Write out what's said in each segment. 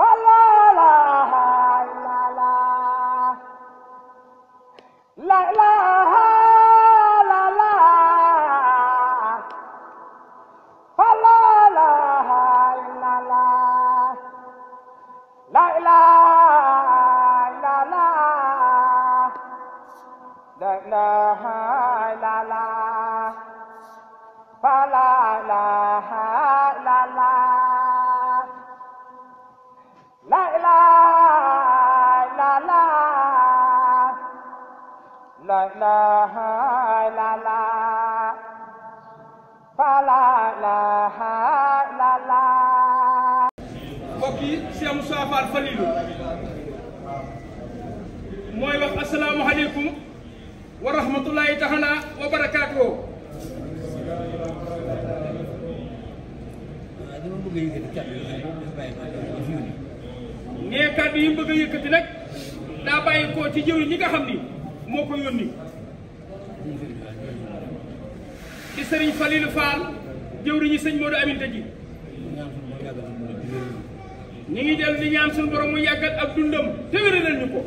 la la la la la mbokk yi Cheikh Moussa Fall Falilou mooy wax asalaamualeykum wa rahmatulahi taxala wa barakaatu. nee kàddu yi mu bëgg a yëkkati daa bàyyi ko ci jëwriñ ñi nga xam ni moo ko yónni. di Serigne Falilou Fall jëwriñu sëñ Modou Aminta ji. ni ngi del di ñaan sun borom mu yàggat ak dundam te wéral ñu ko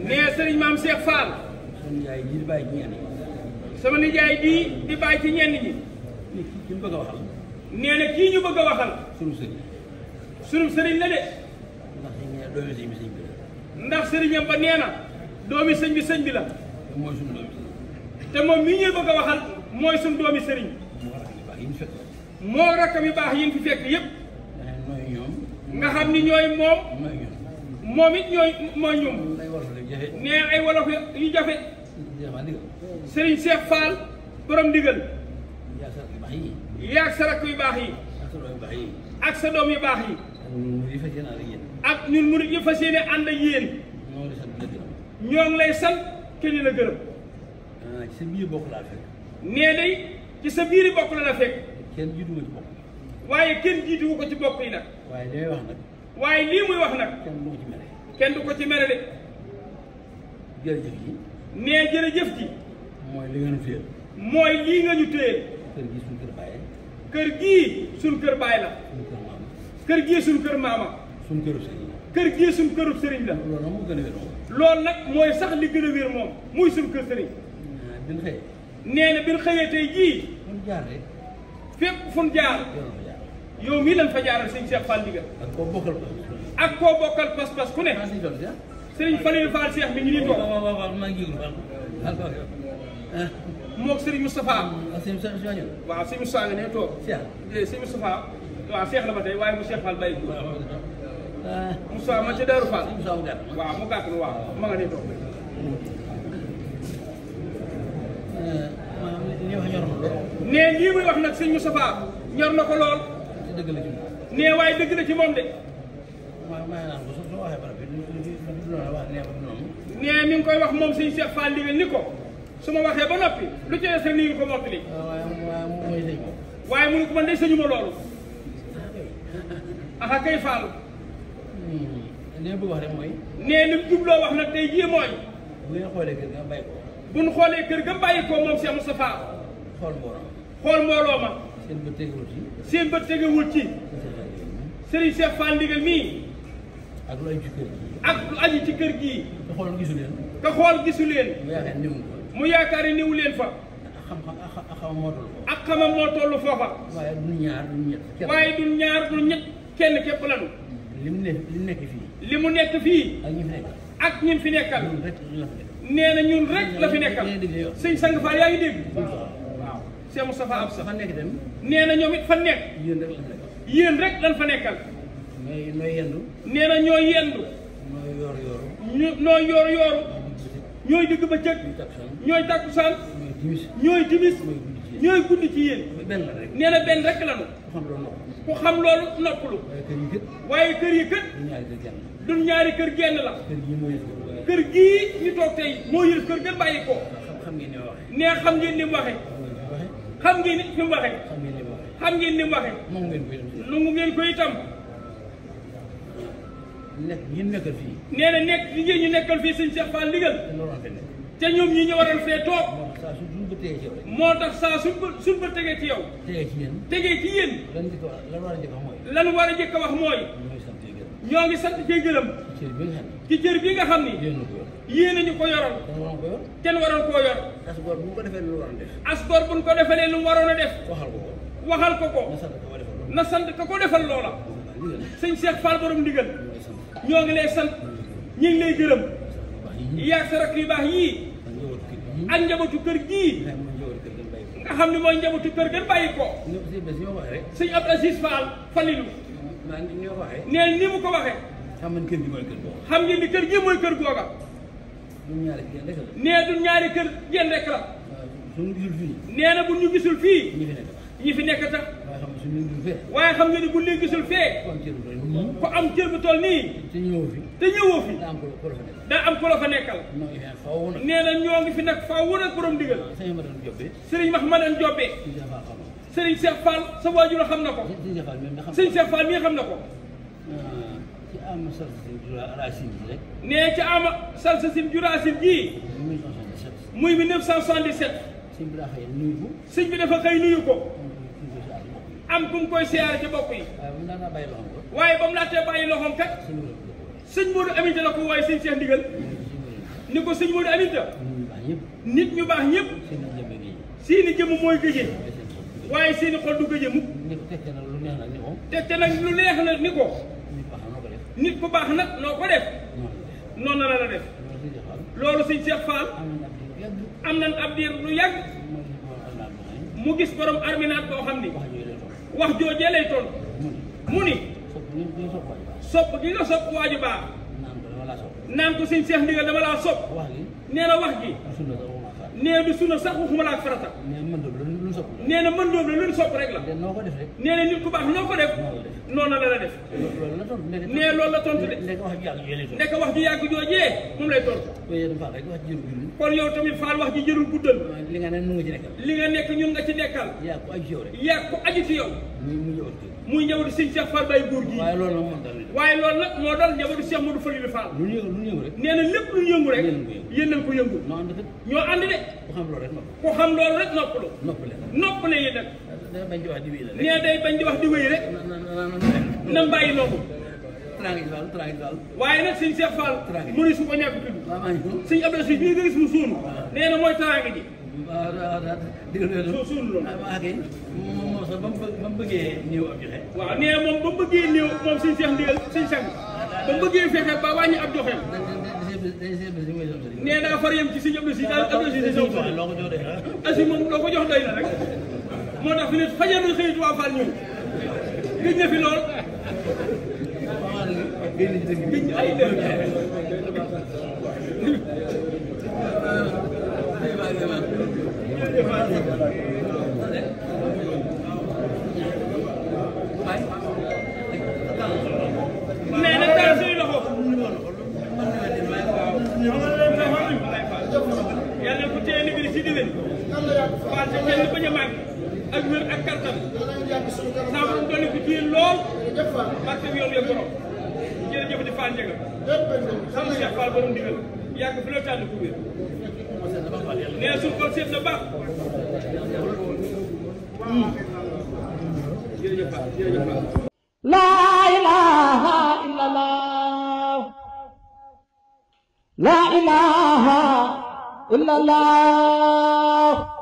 ne serigne mam Cheikh Fall sama jaay di di bay ci ñenn ñi nee na ki ñu bëgg waxal sunu serigne sunu serigne la de ndax serigne ba neena doomi serigne bi serigne bi la te mom mi ñuy bëgg waxal moy sunu doomi serigne baax yi ñu fekk moo rakkam yu baax yi ñu fi fekk yëpp. Eh, mooy ñoom. nga xam ni ñooy moom. moom it ñooy mooy ñoom. nee ay wolof yu jafe. Serigne Cheikh Fall borom ndigal. yaag sa rakk yu baax yi. ak sa doom yu baax yi. ak ñun murid yi fas yéene ànd ak yéen. ñoo ngi lay sant kenn la gërëm. Ah, nee day ci sa biiri bokk la la fekk. kenn jiituwu ci bokk. waaye kenn jiituwu ko ci bokk yi nag. waaye li muy wax nag. waaye lii muy wax nag. kenn du ko ci mere. kenn du ko ci jërëjëf ji. mooy li nga ñu téye. mooy lii nga ñu téye. kër gii suñ kër bàyyi. suñ kër bàyyi la. kër gii suñ kër maama. suñ kër sëriñ. kër gii suñ kërub sëriñ la. loolu nag moo gën a mooy sax li gën a wér moom muy suñ kër sëriñ. bin xëy. nee na bin tey jii. fuñ jaar rek. fépp fuñ jaar. yow mii lan fa jaaral sëñ Cheikh Fall Ndigal. ak koo bokkal pas-pas. ak koo bokkal pas-pas ku ne. sëriñ ah. Falilou Fall Cheikh mi ñu ngi toog. waaw waaw waaw maa ngi la ba tey waaye mu Cheikh Fall bàyyi ko. Ah. Moustapha ma ca Darou Fall. waaw mu gàtt waaw ma nga ne toog. Ah. nee lii muy wax nag sëñ Moustapha ñor na ko lool. nee waaye dëgg la ci moom de. nee mi ngi koy wax moom sëñ Cheikh Fall ndigal ni ko su ma waxee ba noppi lu ci des nii ko mottali. waaye mu ne ko man de sëñu ma loolu. axa kay Fall. nee bëgg wax rek mooy. nee li mu jubloo wax nag tey jii mooy. bu ngeen kër ga bàyyi xool mbooloo xool mbooloo ma seen bët tegewul ci seen bët tegewul ci Serigne Cheikh Fall ndigal mii ak lu aju ci kër gi ak lu aju ci kër gi te xool gisu leen te xool gisu mu yaakaar yi néew leen fa ak xamam moo toll ak xamam moo toll foofa waaye du ñaar du ñett waaye du ñaar du ñett kenn képp lanu li ne li nekk fii li mu nekk fii ak ñi fi nekkal ak ñi fi nekkal nee na ñun rek la fi nekkal sëñ sang yaa ngi dégg Cheikh Moustapha Absa fa nekk dem nee na ñoom it fa nekk yéen rek lan fa nekkal nooy nooy nee na ñooy yendu nooy yoor yooru nooy yoor yooru ñooy digg bëccëg ñooy takkusaan ñooy timis ñooy guddi ci yéen nee na benn rek lanu ku xam loolu noppalu waaye kër yi kët du ñaari kër genn la kër gii ñu toog tey moo yël kër gën bàyyi ko nee xam ngeen ni mu xam ngeen ni fi mu waxee. xam ngeen ni mu waxee. xam ngeen ni mu waxee. nangu ngeen ko itam. nangu ngeen ko itam. nekk ñi nekkal fii. nee na nekk liggéey ñu nekkal fii suñu Cheikh Fall ndigal. te ñoom ñi ñu waral fee toog. moo tax saa suñ ko suñ ko tegee ci yow. tegee ci yéen. tegee ci yéen. lan war a njëkk a wax mooy. lan war a njëkk a wax mooy. ñoo ngi sant ci gërëm. ci cër bi nga xam ni. yéen a ñu ko yoroon. kenn waroon koo yor. as bu defee lu mu waroon def. as gor bu ñu ko defee lu mu waroon a def. waxal ko ko. waxal ko ko. sant ko ko defal loola. sëñ Cheikh Fall borom ndigal. ñoo ngi lay sant. ñu ngi lay gërëm. yaag sa rakk yu baax yii. ak njabootu kër gii. nga xam ni mooy njabootu kër gën bàyyi ko. sëñ Abdou Aziz Fall Falilou. neel ni mu ko waxee. xam nga kër gi mooy kër googa. xam ngeen ni kër gi mooy kër googa. du ñaari kër rek la. nee du ñaari kër yéen rek la. suñu gisul fii. nee na bu ñu gisul fii. ñi fi nekk tax ñi fi nekk tax. waaye xam nga ni bu leen gisul fee. ku am cër bu toll nii. te ñëwoo fi. te ñëwoo fi. daa am kolo fa nekkal. nee na ñoo ngi fi nag faaw nag borom digal. Serigne Mahmadan Jobbe. Serigne Cheikh Fall sa waajur xam na ko. Serigne Cheikh Fall mi xam na ko. am salsasin juraasin ji rek. nee ca am salsasin juraasin muy 1977. sëñ bi daa xëy nuyu ko. sëñ bi dafa xëy nuyu ko. am ku mu koy siyaare ci bopp yi. waaye ba mu laatee bàyyi loxoom kat. sëñ Modou Aminta la ko waaye sëñ Cheikh Ndigal. ni ko sëñ Modou Aminta. nit ñu baax ñëpp. seeni jëmm mooy gëje. waaye seeni xol du gëje mukk. tegte nag lu neex nag ni ko. nit ku baax nak noko def non la la def lolu seigne Cheikh Fall am nañ ab lu yag mu gis borom arminat boo xamni wax jojje lay ton muni sop gi nga sop waaju ba nam ko seigne Cheikh ndiga dama la sop neena wax gi neena du sunna sax waxuma laa farata nee na mën loolu lu ñu sopp rek la. noo ko def rek. nee na nit ku baax ñoo la la def. loolu la tontu de. nee loolu la tontu nekk wax ju yàgg joojee. nekk wax ju yàgg joojee moom lay tontu. kon yow tamit Fall wax ji jërul guddal. li nga ne nu nga ci nekk ñun nga ci nekkal. yaa ko aju ci yow rek. yaa ko aju ci yow. muy ñëw di sëñ Cheikh Fall Baye Góor gi waaye loolu nag moo dal waaye loolu nag moo dal njabootu Cheikh Modou Falilou Fall lu ñu yëngu rek nee na lépp lu ñu yëngu rek yéen nañ ko yëngu ñoo ànd de xam loolu rek noppalu. ku xam loolu rek noppalu. noppalu noppalu yi nag. day bañ di wax di wéy rek. nee day bañ di wax di wéy rek. nan bàyyi noonu. waaye nag sëñ Cheikh Fall. mu ne su ko ñàkk tudd. sëñ Abdou Aziz bii nga gis mu suunu. nee na mooy taraange ji. su suunu loolu. moom sax ba bëggee néew ab joxe. waaw nee moom ba bëggee néew moom sëñ Cheikh ndigal sëñ Sang ba mu bëggee fexe ba wàññi ab joxeem nee naa far yem ci sëñ Abdou Cissé Abdou Cissé Sow asi moom loo ko jox doy na rek moo tax fi nit fajaru xëy Touba Fall ñëw gëj na fi lool gëj ay dé Thank you. Fall borom ndigal yàgg fi la tànn ku wér nee suñ ko seet na baax jërëjëf Fall jërëjëf Fall laa ilaha illallah laa ilaha illallah